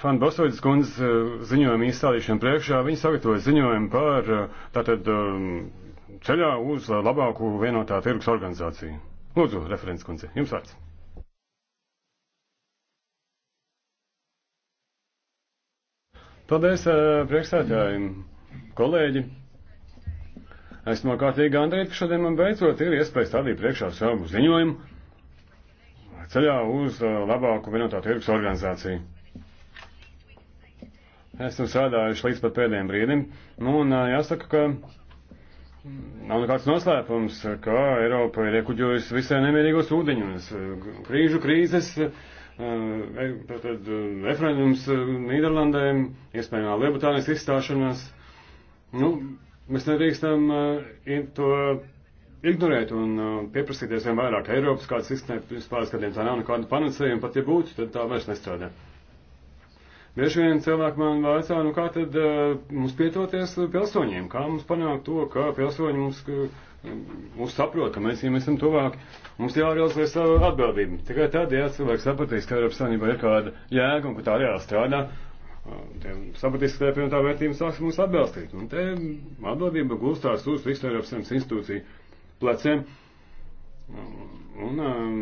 Fan Bosovidas kundzes ziņojumu izstādīšanu priekšā, viņi sagatavoja ziņojumu par tātad ceļā uz labāku vienotā tirgus organizāciju. Lūdzu, referents kundze, jums vārds. Paldies, priekšsētāji, kolēģi. Esmu kārtīgi gandrīt, ka šodien man beidzot ir iespēja stādīt priekšā savu ziņojumu ceļā uz labāku vienotā tirgus organizāciju esam strādājuši līdz pat pēdējiem brīdim. Nu, un jāsaka, ka nav nekāds noslēpums, ka Eiropa ir iekuģojusi visai nemierīgos ūdeņos. Krīžu krīzes, e, tātad referendums Nīderlandē, iespējamā Lielbritānijas izstāšanās. Nu, mēs nedrīkstam to ignorēt un pieprasīties vien vairāk Eiropas, kāds izsniegt vispār skatiem, tā nav nekāda panacēja, un pat ja būtu, tad tā vairs nestrādā. Bieži vien cilvēki man vaicā, nu kā tad uh, mums pietoties pilsoņiem, kā mums panākt to, ka pilsoņi mums, uh, mums saprot, ka mēs viņiem esam tuvāki, mums jārealizē savu atbildību. Tikai tad, ja cilvēks sapratīs, ka Eiropas Savienība ir kāda jēga un ka tā jāstrādā, uh, eh, sapratīs, ka pie tā vērtības sāks mums atbalstīt. Un te atbildība gulstās uz visu Eiropas Savienības institūciju pleciem. Un, um,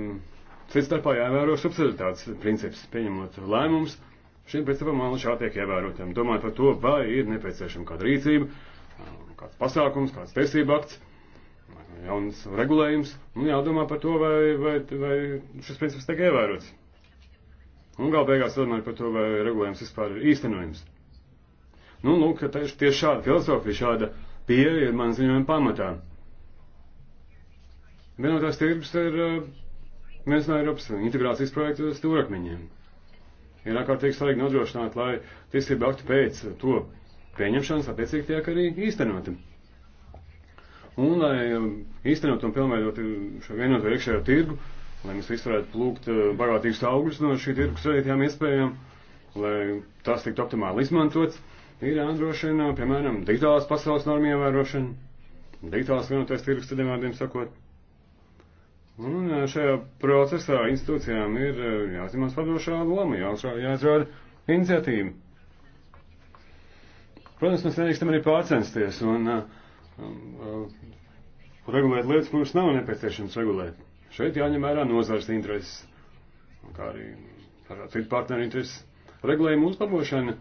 Cits starpā jāievēro subsidiaritātes princips, pieņemot lēmumus, uh, Šim principam man šā tiek ievērotam. Domājot par to, vai ir nepieciešama kāda rīcība, um, kāds pasākums, kāds tiesība akts, jauns regulējums, nu jādomā par to, vai, vai, vai šis princips tiek ievērots. Un gal beigās runāju par to, vai regulējums vispār ir īstenojums. Nu, lūk, tieši, tieši šāda filozofija, šāda pieeja ir man ziņojuma pamatā. Vienotās tirgus ir uh, viens no Eiropas integrācijas projekta stūrakmeņiem ir ārkārtīgi svarīgi nodrošināt, lai tiesība akti pēc to pieņemšanas attiecīgi tiek arī īstenoti. Un, lai um, īstenot un pilnveidot šo vienoto iekšējo tirgu, lai mēs visi varētu plūkt uh, bagātīgus augļus no šī tirgus radītajām iespējām, lai tas tiktu optimāli izmantots, ir jānodrošina, piemēram, digitālās pasaules normu ievērošana, digitālās vienotais tirgus, tad, vārdiem sakot, Un šajā procesā institūcijām ir jāzimās vadošā loma, jāizrāda iniciatīva. Protams, mēs nedrīkstam arī pārcensties un uh, uh, regulēt lietas, kuras nav nepieciešams regulēt. Šeit jāņem vērā nozars intereses, kā arī citu partneru intereses. Regulējuma uzlabošana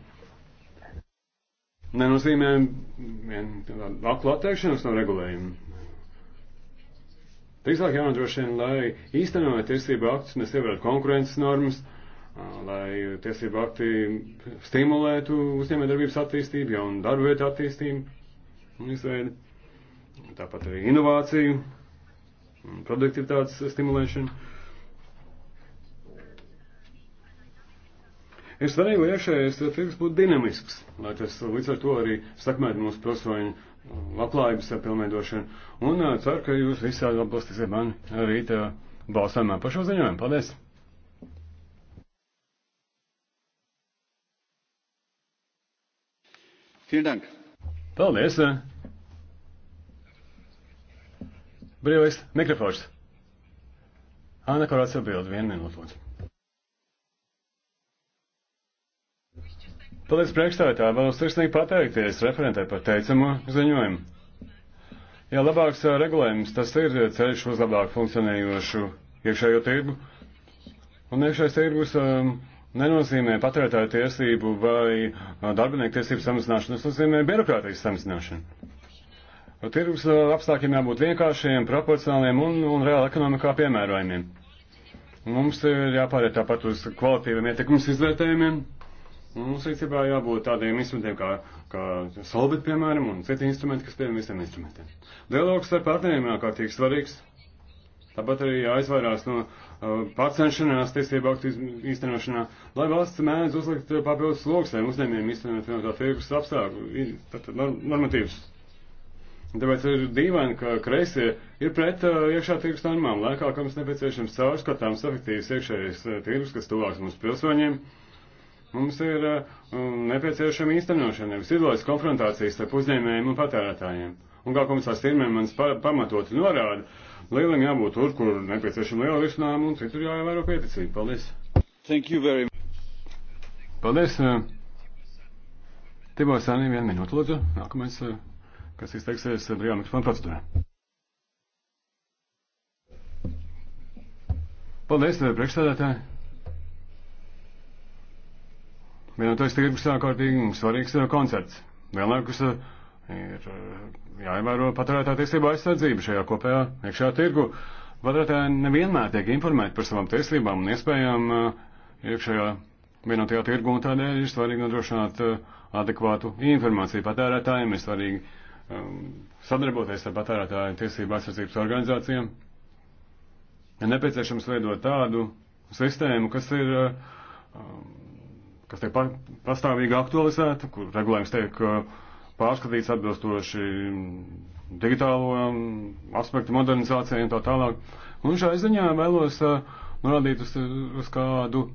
nenozīmē vien tādu aklu atteikšanos no regulējuma. Drīzāk jānodrošina, lai īstenojot tiesību aktus, mēs ievērtu konkurences normas, lai tiesību akti stimulētu uzņēmējdarbības attīstību, jaunu darbu vietu attīstību un izveidi. Tāpat arī inovāciju, produktivitātes stimulēšanu. ir svarīgi, lai iekšējais tirgus būtu dinamisks, lai tas līdz ar to arī sakmētu mūsu pilsoņu labklājības mm, pilnveidošanu. Un uh, ceru, ka jūs visi atbalstīsiet mani rīt uh, balsojumā par šo ziņojumu. Paldies! Paldies! Uh. Brīvais mikrofons. Anna Korāca atbild vienu minūtu, lūdzu. Paldies priekšstādātāji, vēlos sirsnīgi pateikties referentē par teicamo ziņojumu. Jā, labāks regulējums, tas ir ceļš uz labāk funkcionējošu iekšējo tirgu. Un iekšējais tirgus um, nenozīmē patērētāju tiesību vai darbinieku tiesību samazināšanu, tas nozīmē birokrātijas samazināšanu. Tirgus apstākļiem jābūt vienkāršiem, proporcionāliem un, un reāli ekonomikā piemērojumiem. Mums ir jāpāriet tāpat uz kvalitīviem ietekmes izvērtējumiem, Mums rīcībā jābūt tādiem instrumentiem kā, kā solbit, piemēram, un citi instrumenti, kas pieejami visiem instrumentiem. Dialogs ar partneriem ārkārtīgi svarīgs. Tāpat arī jāizvairās no uh, pārcenšanās tiesību aktu īstenošanā, lai valsts mēdz uzlikt papildus sloks saviem uzņēmiem īstenot no tā tirgus apstākļu normatīvas. Tāpēc ir dīvaini, ka kreisie ir pret uh, iekšā tirgus normām, laikā, kam nepieciešams caurskatāms efektīvs iekšējais uh, tirgus, kas tuvāks mūsu pilsoņiem. Uh, Mums ir uh, mm, nepieciešama īstenošana, nevis ideoloģiska konfrontācijas starp uzņēmējiem un patērētājiem. Un kā komisārs Tirmēmans pamatot norāda, lielam jābūt tur, kur nepieciešama liela risinājuma, un citur jāievēro pieticība. Paldies! Thank you very much. Paldies! Uh, Tibor Sānī, vienu minūtu lūdzu. Nākamais, uh, kas izteiksies uh, brīvā mikrofona procedūrā. Paldies, uh, priekšsēdētāji! Vienotais tirgus ir ārkārtīgi mums svarīgs uh, koncepts. Vienlaikus uh, ir uh, jāievēro patērētā tiesība aizsardzība šajā kopējā iekšā tirgu. Patērētāji nevienmēr tiek informēti par savām tiesībām un iespējām iekšējā vienotajā tirgu, un tādēļ ir svarīgi nodrošināt adekvātu informāciju patērētājiem, ir svarīgi um, sadarboties ar patērētāju tiesību aizsardzības organizācijām. Ir nepieciešams veidot tādu sistēmu, kas ir um, kas tiek pastāvīgi aktualizēta, kur regulējums tiek uh, pārskatīts atbilstoši digitālo um, aspektu modernizācijai un tā tālāk. Un šai ziņā vēlos uh, norādīt uz, uz kādu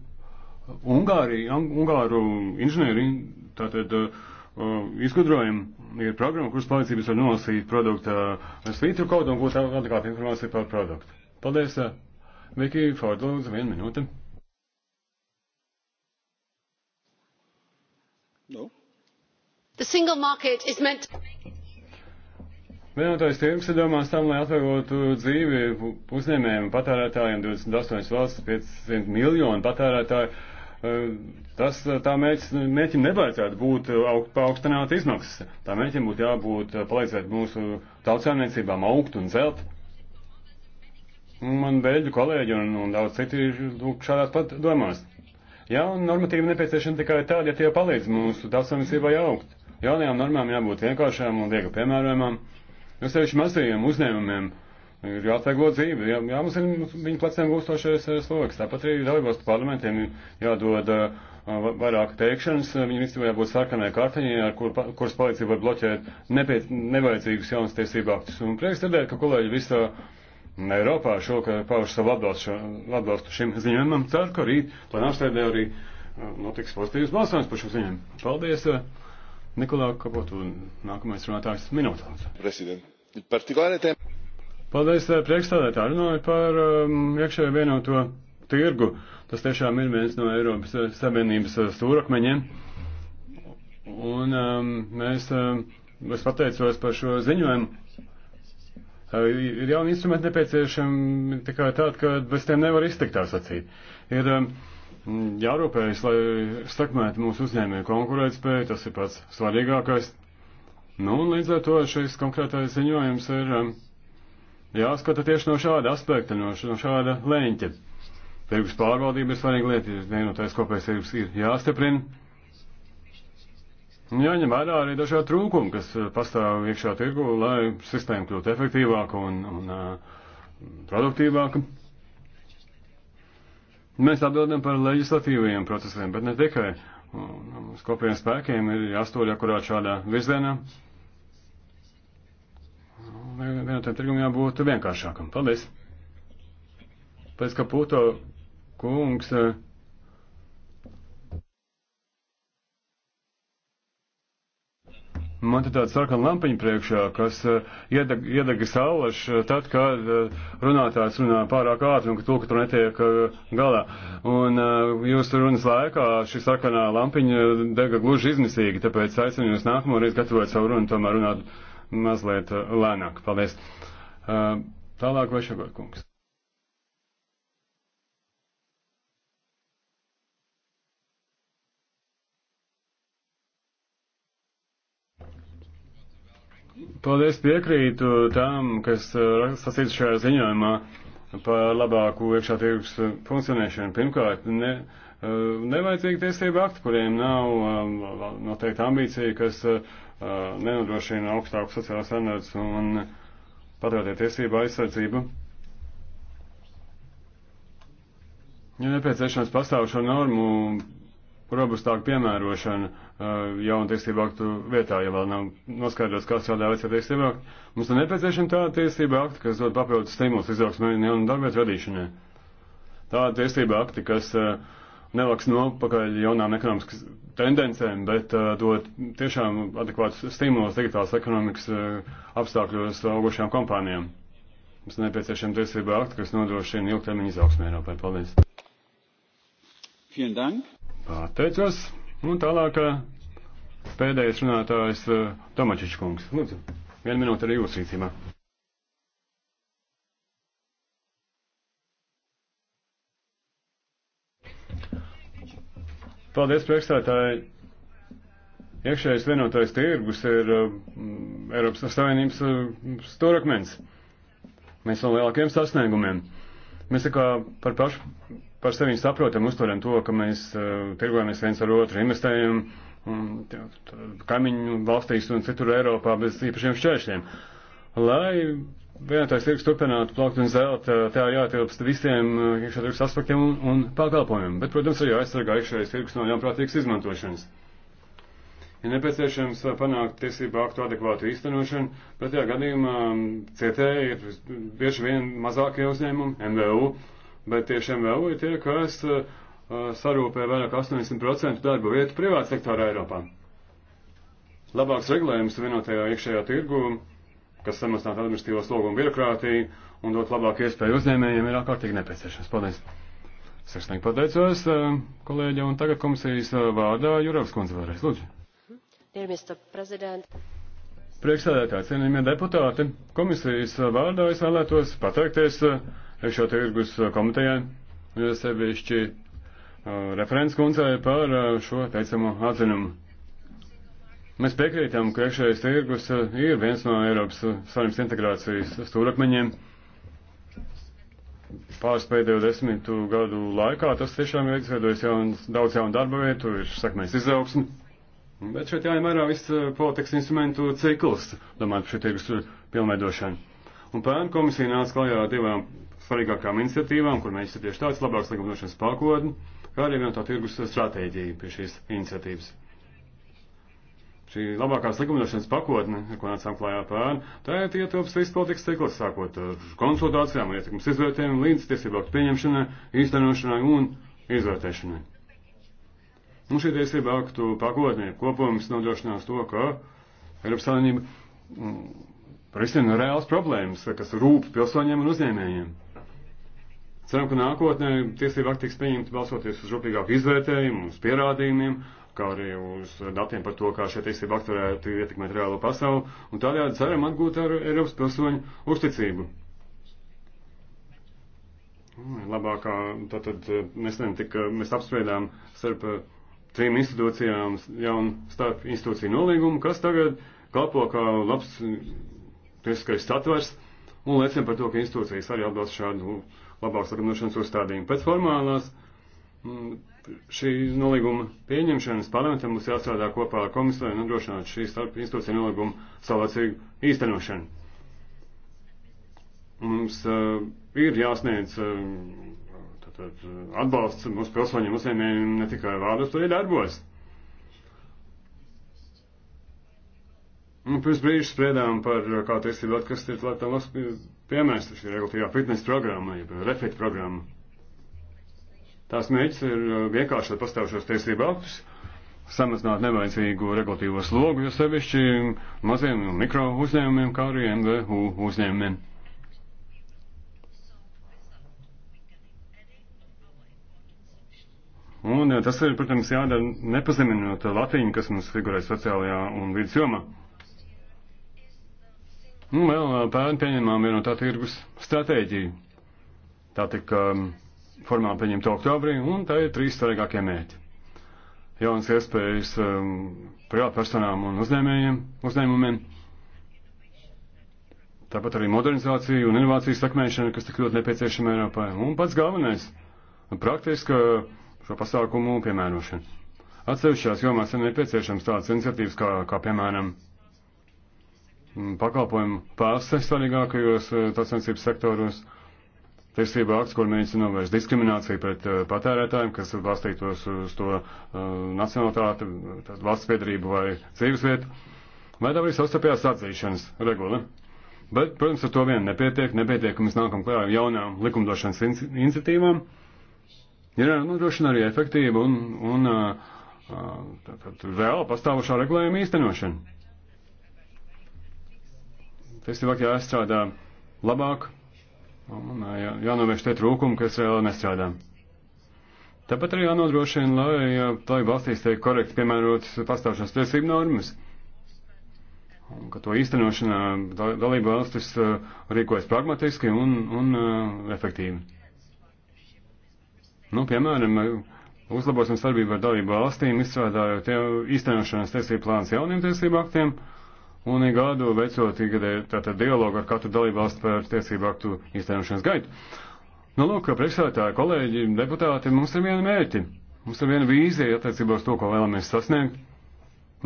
Ungāriju, Ungāru inženieri, tātad uh, izgudrojumu ir programma, kuras palīdzības var nolasīt produkta uh, svītru kodu un gūt adekvātu informāciju par produktu. Paldies! Uh, Viki Ford, lūdzu, vienu minūti. The single market is meant to make it Vienotais tirgus ir domāts tam, lai atvieglotu dzīvi uzņēmējiem un patērētājiem 28 valsts, 500 miljonu patērētāju. E, tas tā mēķim nevajadzētu būt augt, paaugstināt izmaksas. Tā mēķim būtu jābūt palīdzēt mūsu tautsāniecībām augt un zelt. Un man beļģu kolēģi un, un daudz citi ir nu, šādās pat domās. Jā, un normatīvi nepieciešami tikai tādi, ja tie palīdz mūsu tautsāniecībai augt. Jaunajām normām jābūt vienkāršām un viegli piemērojamām. Jo sevišķi mazajiem uzņēmumiem ir jāatvieglo dzīve, jā, jāmazina viņu pleciem gūstošais eh, sloks. Tāpat arī dalībvalstu parlamentiem jādod uh, vairāk teikšanas, viņiem īstenībā jābūt sarkanai kartiņai, ar kur, kuras palīdzību var bloķēt nepiet, nevajadzīgus jaunas tiesību aktus. Un prieks dzirdēt, ka kolēģi visā Eiropā šokā pauž savu atbalstu, atbalstu šim ziņojumam. Ceru, ka rīt plenārsēdē arī eh, notiks pozitīvs balsojums par šo ziņojumu. Paldies! Uh, Nikolā Kapotu, nākamais runātājs minūtās. Prezident, partikulāri tēma. Paldies, eh, priekšstādētāji, runāju par um, iekšējo vienoto tirgu. Tas tiešām ir viens no Eiropas eh, Savienības eh, stūrakmeņiem. Un um, mēs, um, es pateicos par šo ziņojumu. Uh, ir jauni instrumenti nepieciešami tikai tādi, ka bez tiem nevar iztikt tā sacīt. Ir, um, jārūpējas, lai stakmētu mūsu uzņēmēju konkurētspēju, tas ir pats svarīgākais. Nu, un līdz ar to šis konkrētais ziņojums ir um, jāskata tieši no šāda aspekta, no, no šāda leņķa. Tirgus pārvaldība ir svarīga lieta, vienotais kopējs tirgus ir jāstiprina. Jāņem vērā arī dažādi trūkumi, kas uh, pastāv iekšā tirgu, lai sistēma kļūtu efektīvāka un, un uh, produktīvāka. Mēs atbildam par leģislatīviem procesiem, bet ne tikai. Mums kopējiem spēkiem ir jāstūļ akurāt šādā virzienā. Vienotiem tirgumiem jābūt vienkāršākam. Paldies! Pēc, ka Puto kungs. Uh, Man te tāda sarkana lampiņa priekšā, kas uh, iedeg, iedega saulaš, uh, tad, kad uh, runātājs runā pārāk ātri un ka tulka tur netiek uh, galā. Un uh, jūsu runas laikā šī sarkanā lampiņa dega gluži izmisīgi, tāpēc aicinu jūs nākamo reizi gatavot savu runu, tomēr runāt mazliet uh, lēnāk. Paldies. Uh, tālāk Vešagot kungs. Paldies piekrītu tam, kas uh, sasīts šajā ziņojumā par labāku iekšā tirgus funkcionēšanu. Pirmkārt, ne, uh, nevajadzīgi tiesību akti, kuriem nav uh, noteikti ambīcija, kas nenodrošina augstāku sociālo standārts un patvērtē tiesību aizsardzību. Ja nepieciešams pastāv šo normu robustāku piemērošanu eh, jaunu tiesību aktu vietā, ja vēl nav noskaidrots, kā strādā vecā tiesību aktu. Mums ir nepieciešama tāda tiesība akta, kas dod papildus stimulus izaugsmē un jaunu darbietu radīšanai. Tāda tiesība akti, kas eh, nelaks nopakaļ jaunām ekonomiskas tendencēm, bet eh, dod tiešām adekvātus stimulus digitālas ekonomikas apstākļos augošām kompānijām. Mums ir nepieciešama tiesība akta, kas nodrošina ilgtermiņa izaugsmē Eiropā. Paldies! Vielen Dank. Pateicos. Un tālāk pēdējais runātājs Tomačiņš kungs. Lūdzu, vienu minūti arī jūsu rīcībā. Paldies, priekšstādāji. Iekšējais vienotais tirgus ir uh, Eiropas Savienības uh, stūrakmens. Mēs vēl lielākiem sasniegumiem. Uh, Mēs tā kā par pašu, par sevi saprotam, uztveram to, ka mēs uh, tirgojamies viens ar otru, investējam un, tā, tā, kaimiņu valstīs un citur Eiropā bez īpašiem šķēršļiem. Lai vienotais tirgus turpinātu plaukt un zelt, eh, tā jātilpst visiem eh, iekšā tirgus aspektiem un, un pakalpojumiem. Bet, protams, arī jāaizsargā iekšējais tirgus no ļaunprātīgas izmantošanas. Uh, Ir nepieciešams uh, panākt tiesību aktu adekvātu īstenošanu, bet tajā gadījumā um, CT ir bieži vien mazākie uzņēmumi, MVU, bet tieši MVU ir tie, kas uh, uh, sarūpē vairāk 80% darba vietu privāta sektora Eiropā. Labāks regulējums vienotajā iekšējā tirgu, kas samazinātu administratīvo slogu un birokrātiju un dot labāku iespēju uzņēmējiem, ir ārkārtīgi nepieciešams. Paldies! Sirsnīgi pateicos, kolēģi, un tagad komisijas vārdā Juravs kundze vēlreiz lūdzu. Priekšsēdētāji, cienījamie deputāti, komisijas vārdā es vēlētos pateikties eh, iekšā tirgus komitejai, eh, sevišķi eh, referents kundzei par šo teicamo atzinumu. Mēs piekrītam, ka iekšējais tirgus ir viens no Eiropas saimnes integrācijas stūrakmeņiem. Pāris pēdējo desmitu gadu laikā tas tiešām ir izveidojis jauns, daudz jaunu darba vietu, ir sakmēs izaugsmi Bet šeit jāņem vērā viss eh, politikas instrumentu cikls, domājot par šī tirgus eh, pilnveidošanu. Un pērn komisija nāca klajā divām svarīgākām iniciatīvām, kur mēģina tieši tāds labāks likumdošanas pakotni, kā arī vienotā tirgus stratēģija pie šīs iniciatīvas. Šī labākās likumdošanas pakotne, ar ko nācām klājā pērn, tā ir ietilps viss politikas cikls, sākot ar konsultācijām, ietekmes izvērtējumu, līdz tiesību aktu pieņemšanai, īstenošanai un izvērtēšanai. Un nu, šī tiesība aktu pakotnē kopums nodrošinās to, ka Eiropas Savienība mm, risina reāls problēmas, kas rūp pilsoņiem un uzņēmējiem. Ceram, ka nākotnē tiesība akti tiks pieņemti balsoties uz rūpīgāku izvērtējumu, uz pierādījumiem, kā arī uz datiem par to, kā šie tiesību akti varētu ietekmēt reālo pasauli, un tādējādi ceram atgūt ar Eiropas pilsoņu uzticību. Labākā, tātad nesen tika, mēs apspriedām starp trim institūcijām jaunu starp institūciju nolīgumu, kas tagad kalpo kā labs tiesiskais satvers un liecina par to, ka institūcijas arī atbalsta šādu labāku sarunāšanas uzstādījumu. Pēc formālās mm, šī nolīguma pieņemšanas parlamentam būs jāstrādā kopā ar komisiju un nodrošināt šī starp institūciju nolīguma saulēcīgu īstenošanu. Mums uh, ir jāsniedz uh, tad eh, atbalsts mūsu pilsoņiem uzņēmējiem ne tikai vārdos, to ir darbos. Un nu, pirms brīža sprēdām par, eh, kā tiesību atkast eh, ir tā labs piemērs šī regulatīvā fitness programma, jeb refit programma. Tās mēģis ir vienkāršot pastāvušos tiesību aktus, samazināt nevajadzīgu regulatīvo slogu, jo sevišķi maziem un mikro uzņēmumiem, kā arī MVU uzņēmumiem. Un eh, tas ir, protams, jādara nepazeminot latīņu, kas mums figurē sociālajā un vidas jomā. Un nu, vēl eh, pērn pieņemām vienotā tirgus stratēģiju. Tā tika um, formāli pieņemta oktobrī, un tā ir trīs svarīgākie mērķi. Jaunas iespējas um, privātpersonām un uzņēmējiem, uzņēmumiem. Tāpat arī modernizācija un inovāciju sakmēšana, kas tik ļoti nepieciešama Eiropai. Un pats galvenais - praktiska uh, šo pasākumu piemērošanu. Atsevišķās jomās ir nepieciešams tāds iniciatīvas, kā, kā piemēram mm, pakalpojumu pārses svarīgākajos eh, tautsensības sektoros, tiesība akts, kur mēģina novērst diskrimināciju pret eh, patērētājiem, kas balstītos uz to uh, nacionalitāti, valsts piedarību vai dzīvesvietu, vai arī sastapjās atzīšanas regula. Bet, protams, ar to vien nepietiek, nepietiek, ka mēs nākam klājā jaunām likumdošanas iniciatīvām. Inci ir eh, nodrošina arī efektīva un, un eh, eh, tātad, vēl pastāvošā regulējuma īstenošana. Festivālā jāstrādā labāk un jā, jānovērš tie trūkumi, kas vēl nestrādā. Tāpat arī jānodrošina, lai, lai valstīs tiek korekti piemērotas pastāvšanas tiesību normas. Un, ka to īstenošanā dalība valstis rīkojas pragmatiski un, un efektīvi. Nu, piemēram, uzlabosim sadarbību ar dalību valstīm, izstrādājot īstenošanas tiesību plāns jauniem tiesību aktiem un ik gadu veicot tātad dialogu ar katru dalību valstu par tiesību aktu īstenošanas gaitu. Nu, lūk, priekšsētāji, kolēģi, deputāti, mums ir viena mērķi. Mums ir viena vīzija attiecībā uz to, ko vēlamies sasniegt.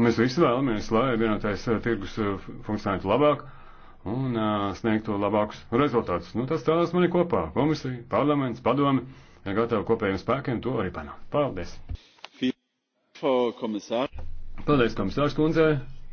Mēs visi vēlamies, lai vienotais eh, tirgus eh, funkcionētu labāk un uh, sniegtu labākus rezultātus. Nu, tas tēlās mani kopā - komisija, parlaments, padomi ir gatava kopējiem spēkiem to arī panākt. Paldies! Paldies, komisārs kundzei!